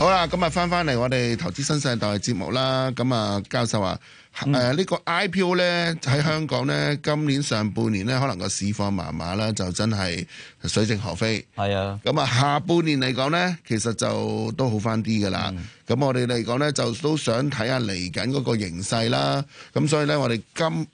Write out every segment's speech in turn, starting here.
好啦，咁啊，翻翻嚟我哋投資新世代節目啦。咁啊，教授啊，誒、嗯呃，呢個 IPO 呢喺香港呢，今年上半年呢，可能個市況麻麻啦，就真係水靜河飛。係啊，咁啊，下半年嚟講呢，其實就都好翻啲噶啦。咁、嗯、我哋嚟講呢，就都想睇下嚟緊嗰個形勢啦。咁所以呢，我哋今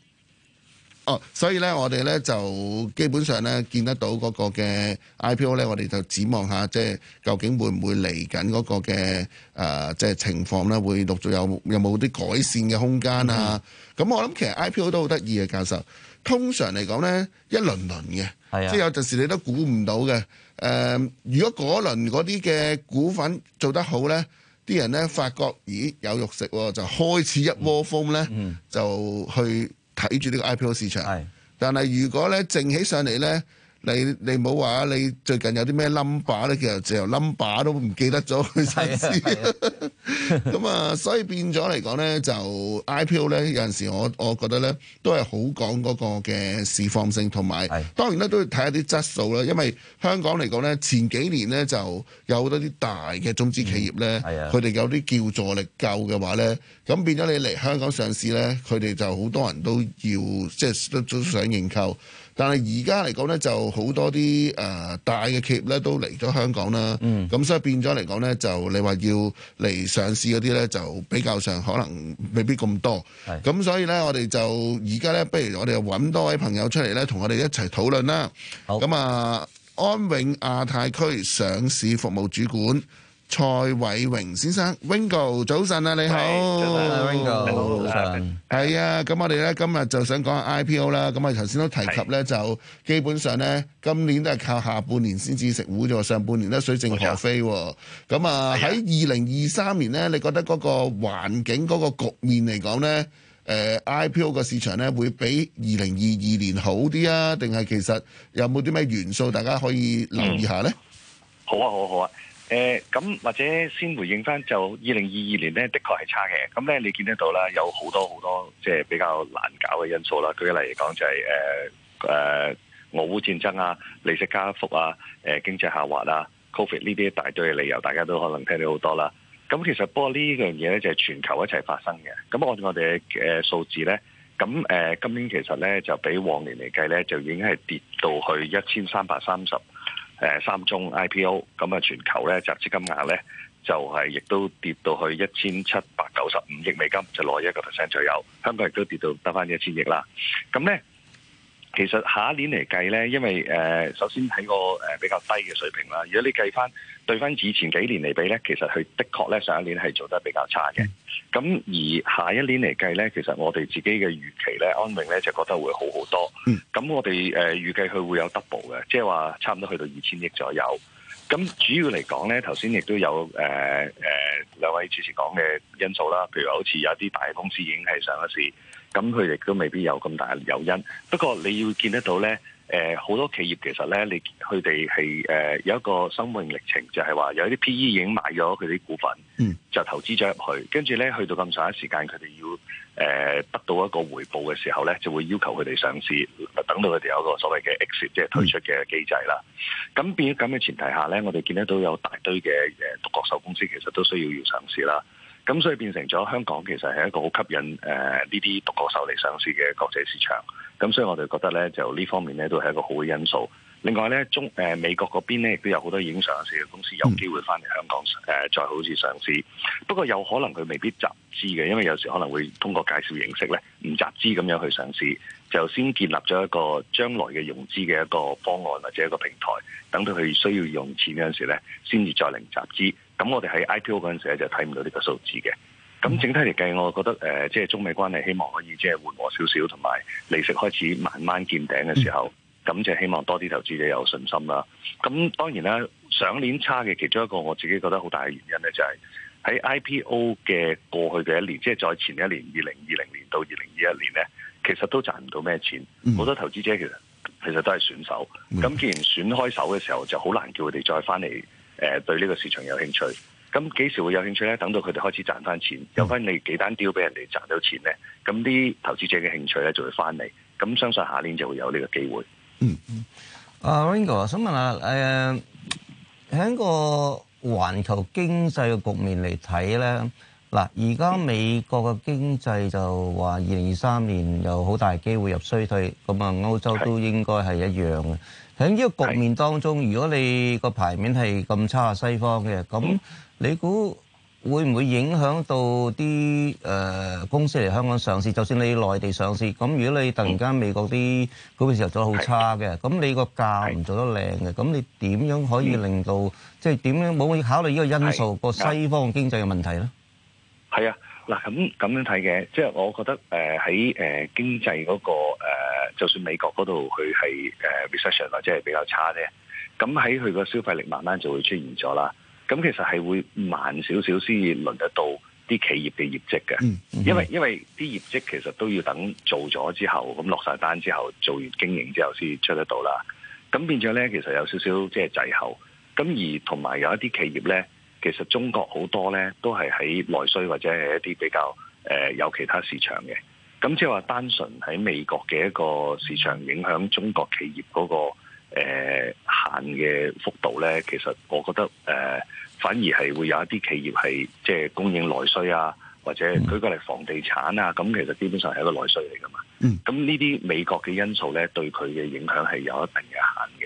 哦，所以咧，我哋咧就基本上咧，見得到嗰個嘅 IPO 咧，我哋就展望下，即係究竟會唔會嚟緊嗰個嘅誒，即係情況咧，會陸續有有冇啲改善嘅空間啊？咁我諗其實 IPO 都好得意嘅，教授。通常嚟講咧，一輪輪嘅，即係有陣時你都估唔到嘅。誒，如果嗰輪嗰啲嘅股份做得好咧，啲人咧發覺咦有肉食喎，就開始一窩蜂咧就去。睇住呢個 IPO 市場，但係如果咧靜起上嚟咧。你你唔好話你最近有啲咩 number 咧？其實就 number 都唔記得咗佢上市。咁啊，所以變咗嚟講咧，就 IPO 咧，有陣時我我覺得咧，都係好講嗰個嘅市況性，同埋當然咧都要睇下啲質素啦。因為香港嚟講咧，前幾年咧就有好多啲大嘅中資企業咧，佢、嗯、哋有啲叫座力夠嘅話咧，咁變咗你嚟香港上市咧，佢哋就好多人都要即係都想認購。嗯但係而家嚟講呢，就好多啲誒大嘅企業咧都嚟咗香港啦，咁、嗯、所以變咗嚟講呢，就你話要嚟上市嗰啲呢，就比較上可能未必咁多，咁所以呢，我哋就而家呢，不如我哋揾多位朋友出嚟呢，同我哋一齊討論啦。好，咁啊，安永亞太區上市服務主管。蔡偉榮先生，Ringo 早晨啊，你好。早晨，Ringo，你好，早晨。係啊，咁我哋咧今日就想講下 IPO 啦。咁啊，頭先都提及咧，就基本上咧，今年都係靠下半年先至食糊啫，上半年咧，水靜河飛。咁、嗯、啊，喺二零二三年咧，你覺得嗰個環境、嗰、嗰個局面嚟講咧，誒、呃、IPO 個市場咧會比二零二二年好啲啊？定係其實有冇啲咩元素大家可以留意下咧、嗯？好啊，好啊，好啊。誒、呃，咁或者先回應翻就二零二二年咧，的確係差嘅。咁咧，你見得到啦，有好多好多即係比較難搞嘅因素啦。舉例嚟講就係誒誒俄烏戰爭啊、利息加幅啊、誒、呃、經濟下滑啊、Covid 呢啲一大堆嘅理由，大家都可能聽到好多啦。咁其實不過呢樣嘢咧就係全球一齊發生嘅。咁按我哋嘅數字咧，咁誒、呃、今年其實咧就比往年嚟計咧就已經係跌到去一千三百三十。誒三宗 IPO，咁啊全球咧集資金額咧就係亦都跌到去一千七百九十五億美金，就落一個 percent 左右，香港亦都跌到得返一千億啦，咁咧。其實下一年嚟計咧，因為誒、呃、首先喺個誒比較低嘅水平啦。如果你計翻對翻以前幾年嚟比咧，其實佢的確咧上一年係做得比較差嘅。咁而下一年嚟計咧，其實我哋自己嘅預期咧，安永咧就覺得會好好多。咁我哋誒預計佢會有 double 嘅，即係話差唔多去到二千億左右。咁主要嚟講咧，頭先亦都有誒誒、呃呃、兩位主持講嘅因素啦，譬如好似有啲大公司已經係上咗市。咁佢哋都未必有咁大嘅誘因，不過你要見得到咧，誒、呃、好多企業其實咧，你佢哋係誒有一個生命歷程，就係、是、話有啲 PE 已經買咗佢啲股份、嗯，就投資咗入去，跟住咧去到咁上一時間，佢哋要誒、呃、得到一個回報嘅時候咧，就會要求佢哋上市，等到佢哋有一個所謂嘅 exit，嗯、即係退出嘅機制啦。咁變咗咁嘅前提下咧，我哋見得到有大堆嘅獨角獸公司其實都需要要上市啦。咁所以變成咗香港其實係一個好吸引誒呢啲獨角獸嚟上市嘅國際市場。咁所以我哋覺得咧，就呢方面咧都係一個好嘅因素。另外咧，中、呃、美國嗰邊咧亦都有好多已經上市嘅公司，有機會翻嚟香港誒、呃、再好似上市。不過有可能佢未必集資嘅，因為有時可能會通過介紹形式咧，唔集資咁樣去上市，就先建立咗一個將來嘅融資嘅一個方案或者一個平台，等到佢需要用錢嗰陣時咧，先至再嚟集資。咁我哋喺 IPO 嗰陣時咧，就睇唔到呢個數字嘅。咁整體嚟計，我覺得呃，即係中美關係希望可以即係緩和少少，同埋利息開始慢慢見頂嘅時候，咁、嗯、就希望多啲投資者有信心啦。咁當然啦，上年差嘅其中一個我自己覺得好大嘅原因咧，就係喺 IPO 嘅過去嘅一年，即係再前一年二零二零年到二零二一年咧，其實都賺唔到咩錢。好、嗯、多投資者其實其實都係損手。咁既然損開手嘅時候就好難叫佢哋再返嚟。誒，對呢個市場有興趣，咁幾時會有興趣咧？等到佢哋開始賺翻錢，有翻你幾單丟俾人哋賺到錢咧，咁啲投資者嘅興趣咧就會翻嚟，咁相信下年就會有呢個機會。嗯，阿 Ringo 我想問下，誒、呃，喺個環球經濟嘅局面嚟睇咧。嗱，而家美國嘅經濟就話二零二三年有好大機會入衰退，咁啊，歐洲都應該係一樣嘅。喺呢個局面當中，如果你個牌面係咁差，西方嘅咁，你估會唔會影響到啲誒公司嚟香港上市？就算你內地上市，咁如果你突然間美國啲嗰個時候做得好差嘅，咁你個價唔做得靚嘅，咁你點樣可以令到，即係點樣冇考慮呢個因素，個西方經濟嘅問題咧？係啊，嗱咁咁樣睇嘅，即係我覺得，誒喺誒經濟嗰、那個誒、呃，就算美國嗰度佢係誒 recession 或者係比較差咧，咁喺佢個消費力慢慢就會出現咗啦。咁其實係會慢少少先輪得到啲企業嘅業績嘅、mm -hmm.，因為因為啲業績其實都要等做咗之後，咁落晒單之後，做完經營之後先出得到啦。咁變咗咧，其實有少少即係滯後。咁而同埋有一啲企業咧。其實中國好多咧，都係喺內需或者係一啲比較誒有其他市場嘅。咁即係話單純喺美國嘅一個市場影響中國企業嗰、那個誒、呃、限嘅幅度咧，其實我覺得誒、呃、反而係會有一啲企業係即係供應內需啊，或者舉個例房地產啊，咁其實基本上係一個內需嚟㗎嘛。咁呢啲美國嘅因素咧，對佢嘅影響係有一定嘅限嘅。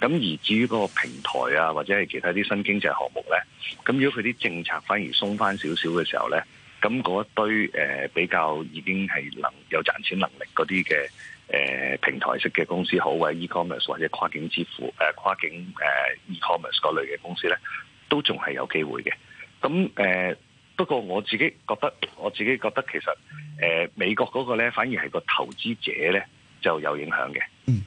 咁而至於嗰個平台啊，或者係其他啲新經濟項目咧，咁如果佢啲政策反而鬆翻少少嘅時候咧，咁嗰一堆誒比較已經係能有賺錢能力嗰啲嘅誒平台式嘅公司，好啊 e-commerce 或者跨境支付誒跨境誒、e、e-commerce 嗰類嘅公司咧，都仲係有機會嘅。咁誒不過我自己覺得，我自己覺得其實誒美國嗰個咧，反而係個投資者咧。就有影響嘅，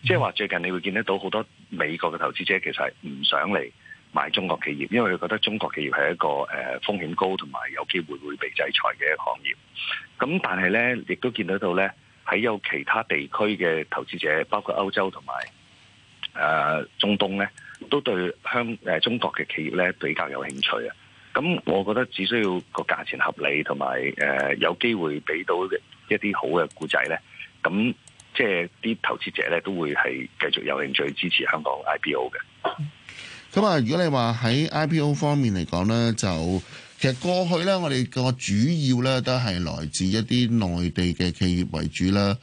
即係話最近你會見得到好多美國嘅投資者其實係唔想嚟買中國企業，因為佢覺得中國企業係一個誒、呃、風險高同埋有機會會被制裁嘅行業。咁但係呢，亦都見得到呢，喺有其他地區嘅投資者，包括歐洲同埋誒中東呢，都對香誒、呃、中國嘅企業呢比較有興趣啊。咁我覺得只需要個價錢合理同埋誒有機會俾到一啲好嘅股仔呢。咁。即係啲投資者咧，都會係繼續有興趣支持香港 IPO 嘅。咁啊，如果你話喺 IPO 方面嚟講咧，就其實過去咧，我哋個主要咧都係來自一啲內地嘅企業為主啦。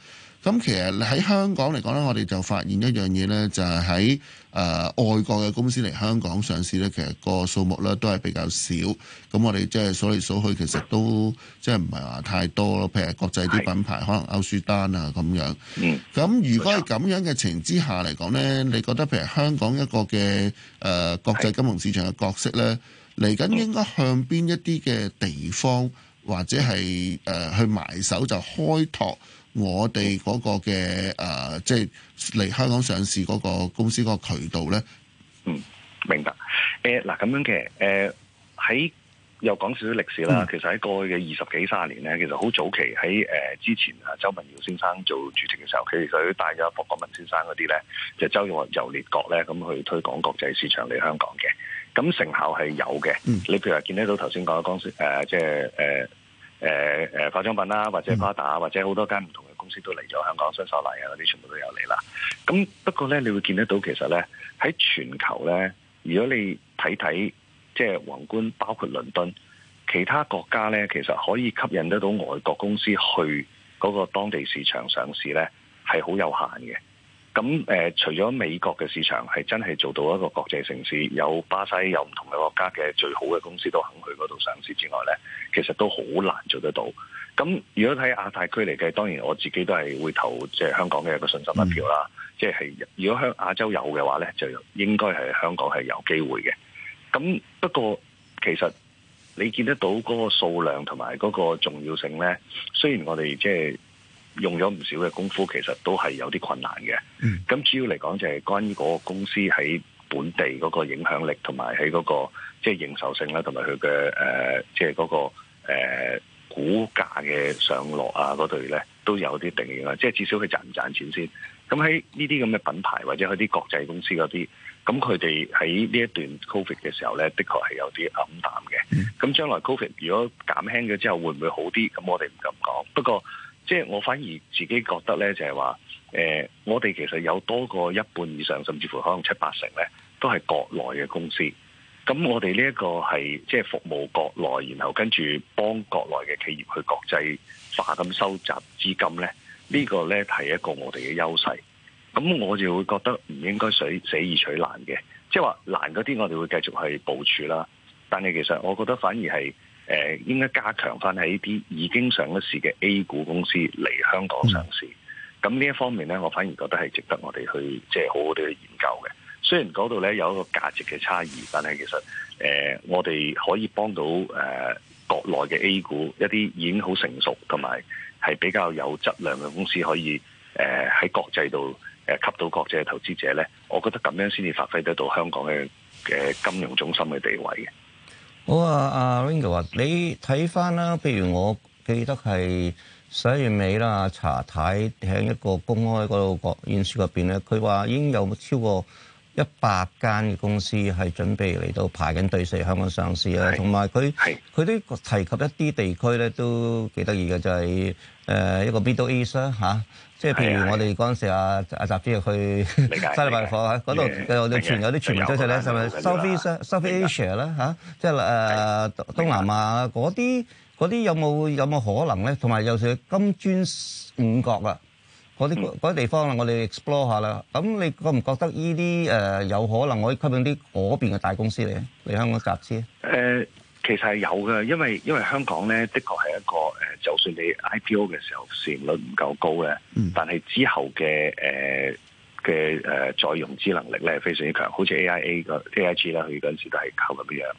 咁其實喺香港嚟講咧，我哋就發現一樣嘢咧，就係喺誒外國嘅公司嚟香港上市咧，其實個數目咧都係比較少。咁我哋即係數嚟數去，其實都即係唔係話太多咯。譬如國際啲品牌，可能歐舒丹啊咁樣。嗯。咁如果係咁樣嘅情之下嚟講咧，你覺得譬如香港一個嘅誒國際金融市場嘅角色咧，嚟緊應該向邊一啲嘅地方或者係誒去埋手就開拓？我哋嗰個嘅誒，即係嚟香港上市嗰個公司嗰個渠道咧，嗯，明白。誒、呃、嗱，咁樣嘅誒，喺、呃、又講少少歷史啦、嗯。其實喺過去嘅二十幾三十年咧，其實好早期喺誒、呃、之前啊，周文耀先生做主席嘅時候，佢哋佢帶咗霍國文先生嗰啲咧，就是、周遊遊列國咧，咁去推廣國際市場嚟香港嘅。咁成效係有嘅、嗯。你譬如話見得到頭先講嘅江即係誒。呃誒、呃、化妝品啦，或者花打，或者好多間唔同嘅公司都嚟咗香港新手禮啊！嗰啲全部都有嚟啦。咁不過呢，你會見得到其實呢，喺全球呢，如果你睇睇即係皇冠，宏觀包括倫敦其他國家呢，其實可以吸引得到外國公司去嗰個當地市場上市呢，係好有限嘅。咁、呃、除咗美國嘅市場係真係做到一個國際城市，有巴西有唔同嘅國家嘅最好嘅公司都肯去嗰度上市之外咧，其實都好難做得到。咁如果睇亞太區嚟計，當然我自己都係會投即係、就是、香港嘅一個信心一票啦。嗯、即係如果香亞洲有嘅話咧，就應該係香港係有機會嘅。咁不過其實你見得到嗰個數量同埋嗰個重要性咧，雖然我哋即係。用咗唔少嘅功夫，其實都係有啲困難嘅。咁、嗯、主要嚟講，就係關於嗰個公司喺本地嗰個影響力，同埋喺嗰個即係認受性啦，同埋佢嘅誒，即係嗰個誒、呃、股價嘅上落啊，嗰度咧都有啲定義啦。即係至少佢賺唔賺錢先。咁喺呢啲咁嘅品牌或者佢啲國際公司嗰啲，咁佢哋喺呢一段 Covid 嘅時候咧，的確係有啲黯淡嘅。咁、嗯、將來 Covid 如果減輕咗之後，會唔會好啲？咁我哋唔敢講。不過即係我反而自己覺得咧，就係話誒，我哋其實有多過一半以上，甚至乎可能七八成咧，都係國內嘅公司。咁我哋呢一個係即係服務國內，然後跟住幫國內嘅企業去國際化咁收集資金咧。這個、呢個咧係一個我哋嘅優勢，咁我就會覺得唔應該水死，死而取難嘅，即係話難嗰啲我哋會繼續去部署啦。但係其實我覺得反而係。誒，應該加強翻喺啲已經上咗市嘅 A 股公司嚟香港上市，咁呢一方面咧，我反而覺得係值得我哋去即係、就是、好好地去研究嘅。雖然嗰度咧有一個價值嘅差異，但係其實誒、呃，我哋可以幫到誒、呃、國內嘅 A 股一啲已經好成熟同埋係比較有質量嘅公司，可以誒喺、呃、國際度誒吸到國際嘅投資者咧。我覺得咁樣先至發揮得到香港嘅嘅、呃、金融中心嘅地位嘅。好啊，阿 Ringo、啊、你睇翻啦，譬如我記得係十一月尾啦，查太喺一個公開嗰度演説入邊咧，佢話已經有超過一百間嘅公司係準備嚟到排緊隊去香港上市啊，同埋佢佢都提及一啲地區咧都幾得意嘅，就係、是、誒、呃、一個 Middle East 啦、啊。即係譬如我哋嗰陣時阿阿澤去西利賣貨嚇，嗰度我哋傳有啲傳聞出嚟呢，咧，係咪 South Asia、South Asia 即係誒東南亞嗰啲嗰啲有冇有冇可能咧？同埋有時金磚五國啊！嗰啲啲地方啦、嗯，我哋 explore 下啦。咁你覺唔覺得呢啲誒有可能可以吸引啲嗰邊嘅大公司嚟嚟香港集資？誒、呃，其實係有嘅，因為因為香港咧，的確係一個誒、呃，就算你 IPO 嘅時候市盈率唔夠高咧、嗯，但係之後嘅誒嘅誒再融資能力咧非常之強，好似 AIA AIG 啦，佢嗰陣時都係靠咁樣。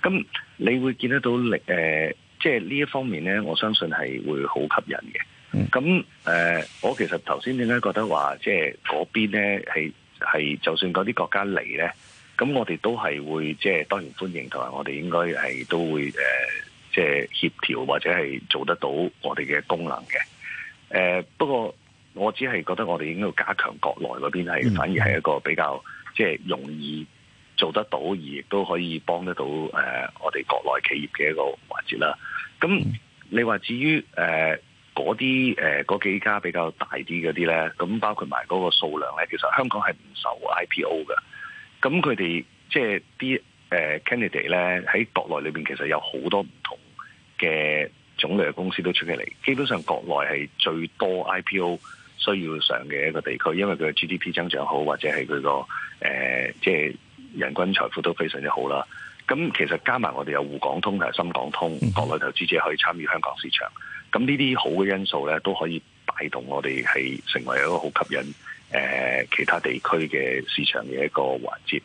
咁你會見得到力誒，即係呢一方面咧，我相信係會好吸引嘅。咁誒、呃，我其實頭先點解覺得話，即係嗰邊咧係係，就算嗰啲國家嚟咧，咁我哋都係會即係，當然歡迎同埋，我哋應該係都會誒、呃，即係協調或者係做得到我哋嘅功能嘅。誒、呃，不過我只係覺得我哋應該要加強國內嗰邊，係、嗯、反而係一個比較即係容易做得到，而亦都可以幫得到誒、呃，我哋國內企業嘅一個環節啦。咁你話至於誒？呃嗰啲誒嗰幾家比較大啲嗰啲咧，咁包括埋嗰個數量咧，其實香港係唔受 IPO 嘅。咁佢哋即係啲誒 candidate 咧，喺國內裏面其實有好多唔同嘅種類嘅公司都出起嚟。基本上國內係最多 IPO 需要上嘅一個地區，因為佢嘅 GDP 增長好，或者係佢個誒即係人均財富都非常之好啦。咁其實加埋我哋有滬港通同埋深港通，國內投資者可以參與香港市場。咁呢啲好嘅因素咧，都可以帶動我哋係成為一個好吸引誒其他地區嘅市場嘅一個環節。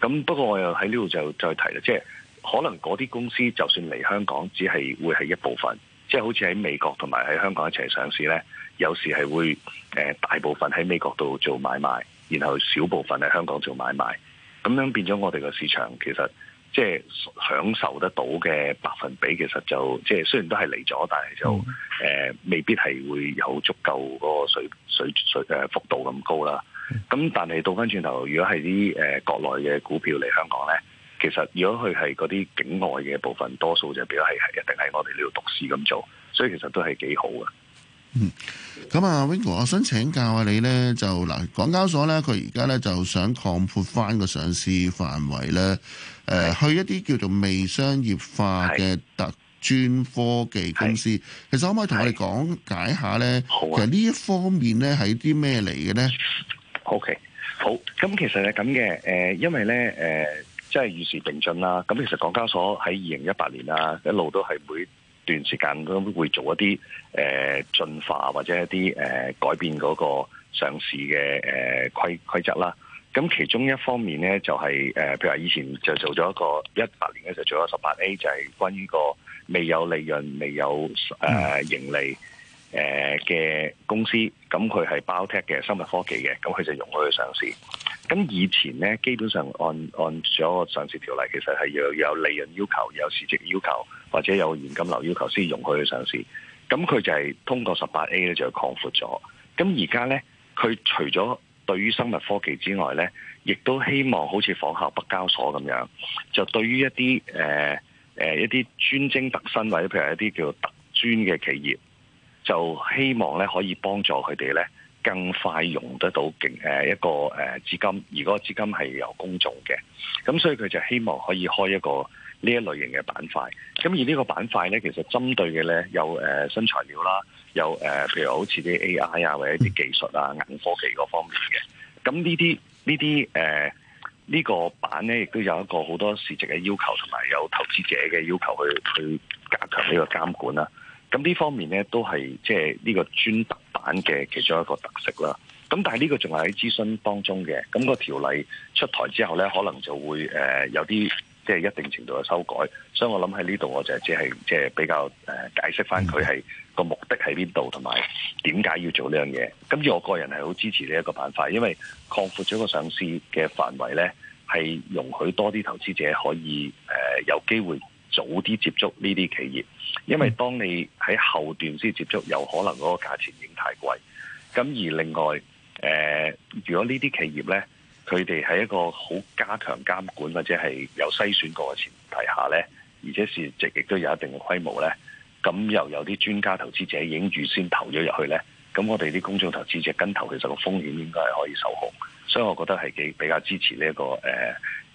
咁不過我又喺呢度就再提啦，即係可能嗰啲公司就算嚟香港，只係會係一部分，即係好似喺美國同埋喺香港一齊上市咧，有時係會誒大部分喺美國度做買賣，然後小部分喺香港做買賣，咁樣變咗我哋嘅市場其實。即、就、係、是、享受得到嘅百分比，其實就即係、就是、雖然都係嚟咗，但係就誒、呃、未必係會有足夠個水水水幅、呃、度咁高啦。咁但係倒翻轉頭，如果係啲誒國內嘅股票嚟香港咧，其實如果佢係嗰啲境外嘅部分，多數就比較係一定係我哋呢度讀書咁做，所以其實都係幾好嘅。嗯，咁啊，Vin 哥，Wingo，我想請教下你咧，就嗱，港交所咧，佢而家咧就想擴闊翻個上市範圍咧、呃，去一啲叫做未商業化嘅特專科技公司，其實可唔可以同我哋講解下咧、啊？其實呢一方面咧係啲咩嚟嘅咧？OK，好，咁其實係咁嘅，因為咧、呃，即係與時並進啦。咁其實港交所喺二零一八年啊，一路都係會。段時間都會做一啲誒進化或者一啲誒、呃、改變嗰個上市嘅誒規規則啦。咁其中一方面咧就係、是、誒，譬、呃、如話以前就做咗一個一八年咧就做咗十八 A，就係關於個未有利潤、未有誒、呃、盈利誒嘅、呃、公司，咁佢係 Biotech 嘅生物科技嘅，咁佢就容許去上市。咁以前咧基本上按按咗上市條例，其實係要，要有利潤要求，要有市值要求。或者有現金流要求先容許佢上市，咁佢就係通過十八 A 咧就擴闊咗。咁而家咧，佢除咗對於生物科技之外咧，亦都希望好似仿效北交所咁樣，就對於一啲誒誒一啲專精特新或者譬如一啲叫特專嘅企業，就希望咧可以幫助佢哋咧更快融得到勁誒一個誒資金，而嗰個資金係由公眾嘅。咁所以佢就希望可以開一個。呢一類型嘅板塊，咁而呢個板塊呢，其實針對嘅呢，有誒、呃、新材料啦，有誒、呃、譬如好似啲 AI 啊或者啲技術啊，硬科技嗰方面嘅，咁呢啲呢啲誒呢個板呢，亦都有一個好多市值嘅要求，同埋有，有投資者嘅要求去去加強呢個監管啦。咁呢方面呢，都係即係呢個專特板嘅其中一個特色啦。咁但係呢個仲係喺諮詢當中嘅，咁、那個條例出台之後呢，可能就會誒、呃、有啲。即係一定程度嘅修改，所以我諗喺呢度我就係即係即係比較誒解釋返佢係個目的喺邊度，同埋點解要做呢樣嘢。跟住我個人係好支持呢一個辦法，因為擴闊咗個上市嘅範圍呢係容許多啲投資者可以誒、呃、有機會早啲接觸呢啲企業。因為當你喺後段先接觸，有可能嗰個價錢已經太貴。咁而另外誒、呃，如果呢啲企業呢……佢哋喺一個好加強監管或者係有篩選過嘅前提下呢，而且市值亦都有一定嘅規模呢。咁又有啲專家投資者已經預先投咗入去呢。咁我哋啲公眾投資者跟投其實個風險應該係可以受控，所以我覺得係幾比較支持呢、這、一個誒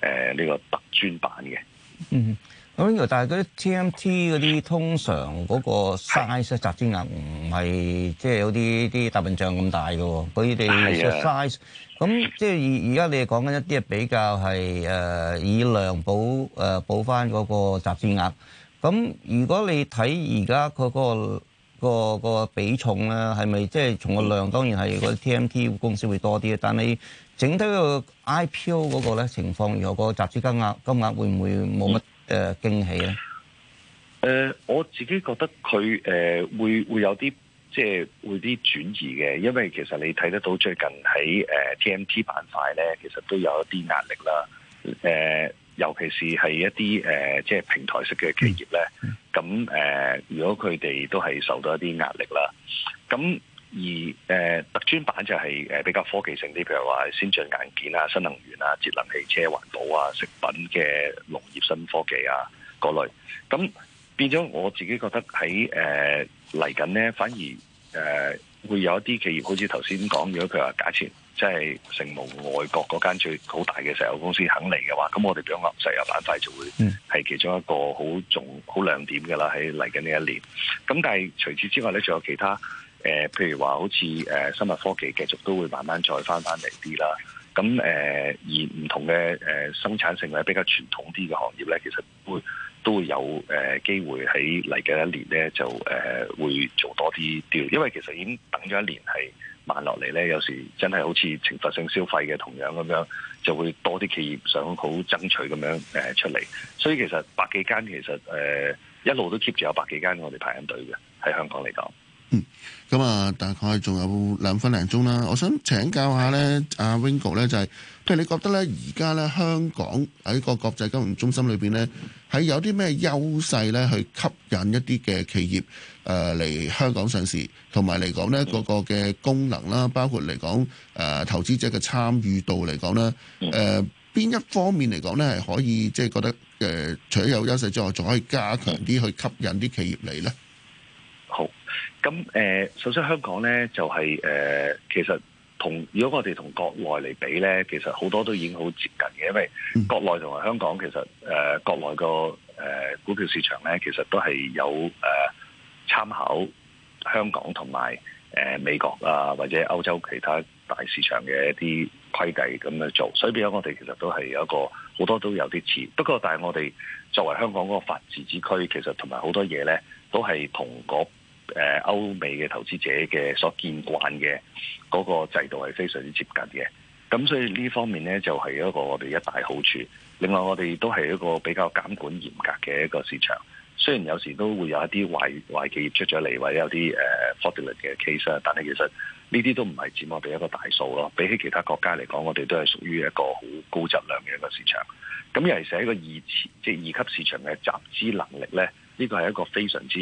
誒呢個特專版嘅。嗯、mm -hmm。咁又但係嗰啲 TMT 嗰啲通常嗰個 size 集資額唔係，即係有啲啲大笨象咁大嘅喎，佢哋 size 咁，即係而而家你講緊一啲係比較係誒以量補誒補翻嗰個集資額。咁如果你睇而家佢嗰個個個比重咧，係咪即係從個量當然係嗰啲 TMT 公司會多啲，但你整體個 IPO 嗰個咧情況，如果個集資金額金額會唔會冇乜？誒，驚喜咧？誒，我自己覺得佢誒、呃，會會有啲即係會啲轉移嘅，因為其實你睇得到最近喺誒 TMT 板塊咧，其實都有一啲壓力啦。誒、呃，尤其是係一啲誒、呃，即係平台式嘅企業咧，咁 誒、呃，如果佢哋都係受到一啲壓力啦，咁。而誒特、呃、專板就係誒比較科技性啲，譬如話先進硬件啊、新能源啊、節能汽車、環保啊、食品嘅農業新科技啊嗰類。咁變咗我自己覺得喺誒嚟緊呢，反而誒、呃、會有一啲企業好似頭先講，如果佢話價錢即係成無外國嗰間最好大嘅石油公司肯嚟嘅話，咁我哋掌握石油板塊就會係其中一個好重好亮點嘅啦。喺嚟緊呢一年，咁但係除此之外咧，仲有其他。誒、呃，譬如話好似誒、呃、生物科技繼續都會慢慢再翻翻嚟啲啦。咁誒、呃，而唔同嘅誒、呃、生產性比較傳統啲嘅行業咧，其實會都會有誒、呃、機會喺嚟嘅一年咧，就誒、呃、會做多啲啲。因為其實已經等咗一年係慢落嚟咧，有時真係好似懲罰性消費嘅同樣咁樣，就會多啲企業想好爭取咁樣誒、呃、出嚟。所以其實百幾間其實誒、呃、一路都 keep 住有百幾間我哋排緊隊嘅喺香港嚟講。嗯，咁啊，大概仲有兩分零鐘啦。我想請教一下咧、就是，阿 Ringo 咧，就係譬如你覺得咧，而家咧香港喺個國際金融中心裏邊咧，係有啲咩優勢咧，去吸引一啲嘅企業誒嚟香港上市，同埋嚟講咧嗰個嘅功能啦，包括嚟講誒投資者嘅參與度嚟講咧，誒、呃、邊一方面嚟講咧係可以即係、就是、覺得誒除咗有優勢之外，仲可以加強啲去吸引啲企業嚟咧。好，咁、呃、首先香港咧就係、是呃、其實同如果我哋同國內嚟比咧，其實好多都已經好接近嘅，因為國內同埋香港其實誒、呃，國內個、呃、股票市場咧，其實都係有誒、呃、參考香港同埋、呃、美國啊，或者歐洲其他大市場嘅一啲規例咁樣做，所以變咗我哋其實都係有一個好多都有啲似，不過但係我哋作為香港個個法治之區，其實同埋好多嘢咧都係同嗰。誒歐美嘅投資者嘅所見慣嘅嗰、那個制度係非常之接近嘅，咁所以呢方面呢，就係、是、一個我哋一大好處。另外我哋都係一個比較監管嚴格嘅一個市場，雖然有時都會有一啲壞壞企業出咗嚟，或者有啲誒 fraudulent 嘅 case，但係其實呢啲都唔係佔我哋一個大數咯。比起其他國家嚟講，我哋都係屬於一個好高質量嘅一個市場。咁尤其是一個二即係、就是、二級市場嘅集資能力呢。呢個係一個非常之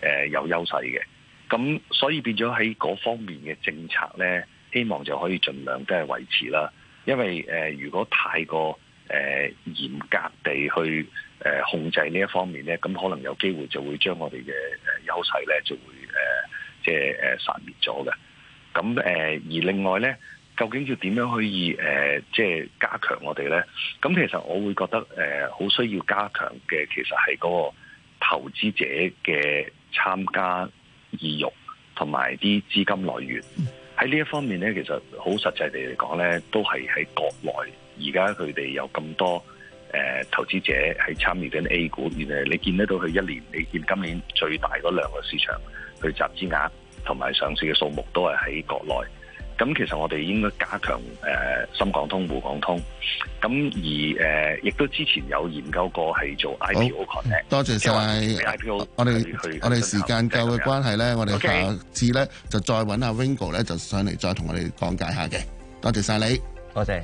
誒有優勢嘅，咁所以變咗喺嗰方面嘅政策呢，希望就可以盡量都係維持啦。因為誒、呃，如果太過誒、呃、嚴格地去誒、呃、控制呢一方面呢，咁可能有機會就會將我哋嘅誒優勢呢就會誒、呃、即係誒殺滅咗嘅。咁誒、呃、而另外呢，究竟要點樣可以誒、呃、即係加強我哋呢？咁其實我會覺得誒好、呃、需要加強嘅，其實係嗰、嗰個。投資者嘅參加意欲同埋啲資金來源，喺呢一方面呢，其實好實際地嚟講呢，都係喺國內。而家佢哋有咁多誒、呃、投資者係參與緊 A 股，原來你見得到佢一年，你見今年最大嗰兩個市場，佢集資額同埋上市嘅數目都係喺國內。咁其實我哋應該加強誒、呃、深港通、滬港通。咁而誒、呃、亦都之前有研究過係做 IPO Connect 多 IPO、啊 okay？多謝晒 IPO。我哋我哋時間夠嘅關係咧，我哋下次咧就再揾阿 Ringo 咧就上嚟再同我哋講解下嘅。多謝晒你。多謝，謝。